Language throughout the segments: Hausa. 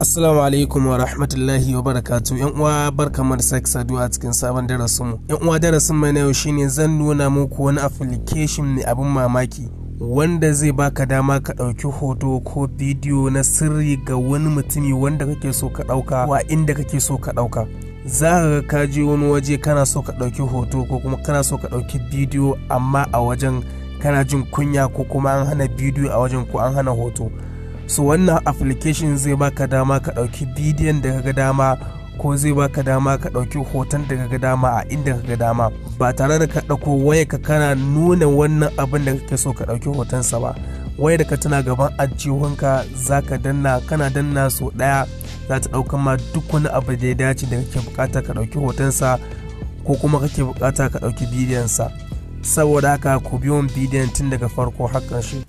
Assalamu alaikum wa rahmatullahi wa barakatu ‘yan uwa barkamu da sake saduwa a cikin sabon darasin mu. ‘Yan uwa darasin mai na yau shine zan nuna muku wani application ne abin mamaki wanda zai baka dama ka ɗauki hoto ko bidiyo na sirri ga wani mutumi wanda kake so ka ɗauka wa inda kake so ka ɗauka. za ka ga ka je wani waje kana so ka ɗauki hoto ko kuma kana so ka ɗauki bidiyo amma a wajen kana jin kunya ko kuma an hana bidiyo a wajen ko an hana hoto. su wannan application zai baka dama ka ɗauki bidiyon da ga dama ko zai baka dama ka ɗauki hoton da ga dama a inda ka ga dama ba tare da ka ɗauko waya ka kana nuna wannan abin da kake so ka ɗauki hotonsa ba waya da ka tana gaban ajihunka za ka danna kana danna so ɗaya za ta ɗauka ma duk wani abu da ya dace da kake bukata ka ɗauki hotonsa ko kuma kake bukata ka ɗauki bidiyonsa saboda haka ku biyo bidiyon tun daga farko har ƙarshe.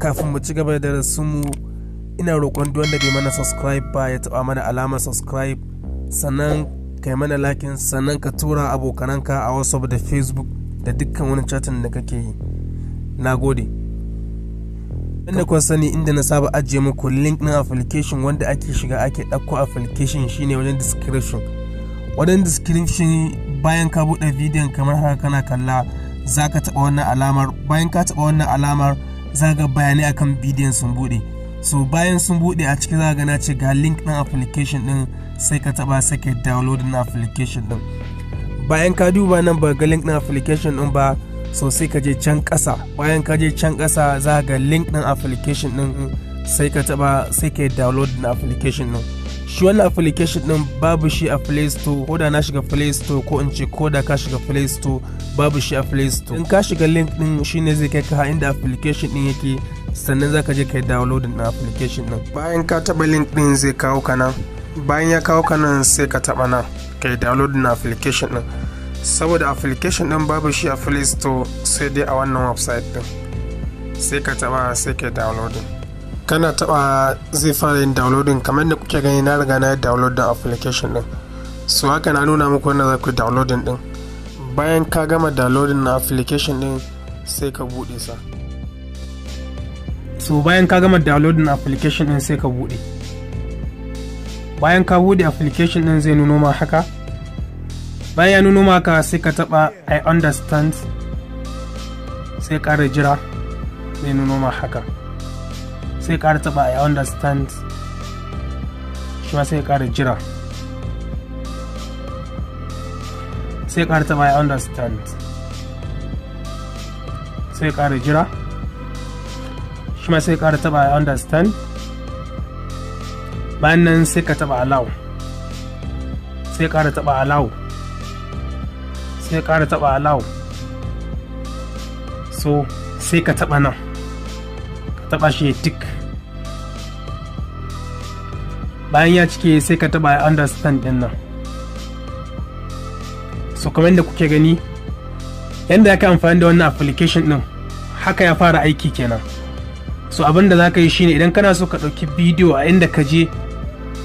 kafin mu ci gaba da mu ina roƙon duk wanda bai mana subscribe ba ya taɓa mana alamar subscribe sannan kai mana lakin sannan ka tura abokananka a whatsapp da facebook da dukkan wani chatin da kake yi na gode inda kuwa sani inda na saba ajiye muku link na application wanda ake shiga ake ɗauko application shine wajen description wajen description bayan ka buɗe bidiyon kamar haka kana kalla za ka taɓa wannan alamar bayan ka taɓa wannan alamar za ga bayanai akan bidiyon sun bude so bayan sun bude a ciki za a na ce ga link ɗin application ɗin sai ka taba sai download na application ɗin bayan ka duba nan ba ga link ɗin application ɗin ba so sai ka je can ƙasa bayan ka je can kasa za ga link ɗin application ɗin sai ka taba sai ka download na application ɗin shi wannan application din babu shi a play store ko da na shiga play store ko in ce ko da ka shiga play store babu shi a play store in ka shiga link din shine zai kai ka inda application din yake sannan zaka je kai download na application din bayan ka taba link din zai kawo ka nan bayan ya kawo ka nan sai ka taba nan kai download na application din saboda application din babu shi a play store sai dai a wannan website din sai ka taba sai kai downloading kana taba zai fara yin downloading kamar da kuke gani na riga na download da application din so haka na nuna muku wannan za ku downloading din bayan ka gama downloading na application din sai ka bude sa so bayan ka gama downloading application din sai ka bude bayan ka bude application din zai nuno ma haka bayan ya nuno ma haka sai ka taba i understand sai ƙara jira zai nuno ma haka sai kara taba i understand shi ma sai kara jira sai kara taba i understand sai kara jira shi ma sai kara taba i understand bayan nan sai ka taba allow sai kara taba allow sai kara taba allow so sai ka taba nan ka taba shi ya tik bayan ya cike sai ka taba understand din nan so kamar da kuke gani yadda ka amfani da wannan application din haka ya fara aiki kenan so abin da za ka yi shine idan kana so ka ɗauki bidiyo a inda ka je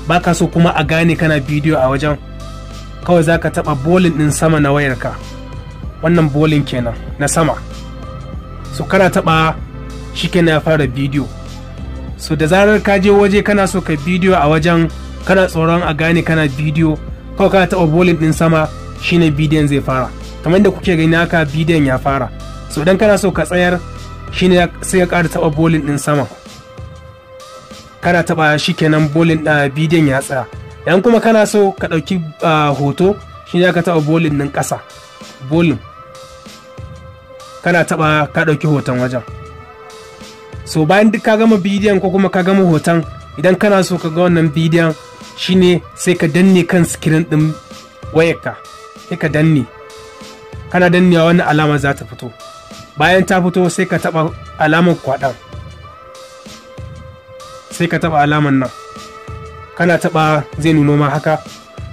ba ka so kuma a gane kana bidiyo a wajen kawai za ka taɓa bolin ɗin sama na wayarka wannan bolin kenan na sama so kana taɓa shi kenan ya fara bidiyo so da zarar ka je waje kana so ka bidiyo a wajen kana tsoron a gane kana bidiyo kawai kana taɓa bolin ɗin sama shine bidiyon zai fara kamar da kuke gani haka bidiyon ya fara so idan kana so ka tsayar shine sai ya ƙara taɓa bolin ɗin sama kana taɓa shi kenan bolin ɗin ah, bidiyon ya tsaya idan kuma kana so ka ɗauki ah, hoto shine ka taɓa bolin ɗin ƙasa bolin kana taɓa ka ɗauki hoton wajen so bayan duk ka gama bidiyon ko kuma ka gama hoton idan kana so ka ga wannan bidiyon shine sai ka danne kan sikirin ɗin wayarka sai ka danne kana dannewa wani alama za ta fito bayan ta fito sai ka taɓa alamar kwaɗan sai ka taɓa alamar nan kana taɓa zai nuno ma haka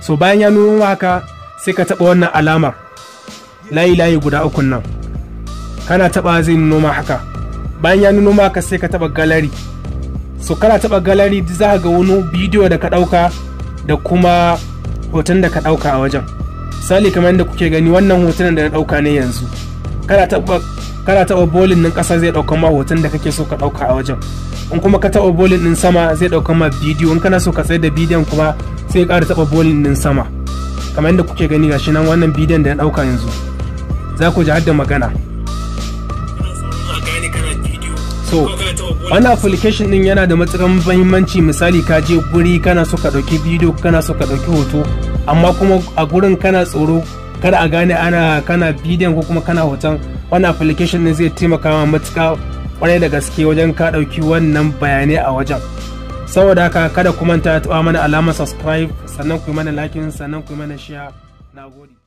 so bayan ya nuno ma haka sai ka taɓa wannan alamar layi layi guda ukun nan kana taɓa zai nuno ma haka bayan ya nuno maka sai ka taba gallery so kana taba gallery za ga wani bidiyo da ka dauka da kuma hoton da ka dauka a wajen misali kamar yadda kuke gani wannan hoton da na dauka ne yanzu kana taba kana taba bolin nan kasa zai dauka ma hoton da kake so ka dauka a wajen in kuma ka taba bolin din sama zai dauka ma bidiyo in kana so ka tsaya da bidiyon kuma sai ka taba bolin din sama kamar yadda kuke gani gashi nan wannan bidiyon da na dauka yanzu za ku ji har da magana so wani application din yana da matukar muhimmanci misali ka je guri kana so ka ɗauki bidiyo kana so ka ɗauki hoto amma kuma a gurin kana tsoro kada a gane ana kana bidiyon ko kuma kana hoton wani application din zai taimaka ma matuka kwarai da gaske wajen ka ɗauki wannan bayanai a wajen saboda haka kada ku manta ta mana alamar subscribe sannan ku yi mana like sannan ku yi mana share na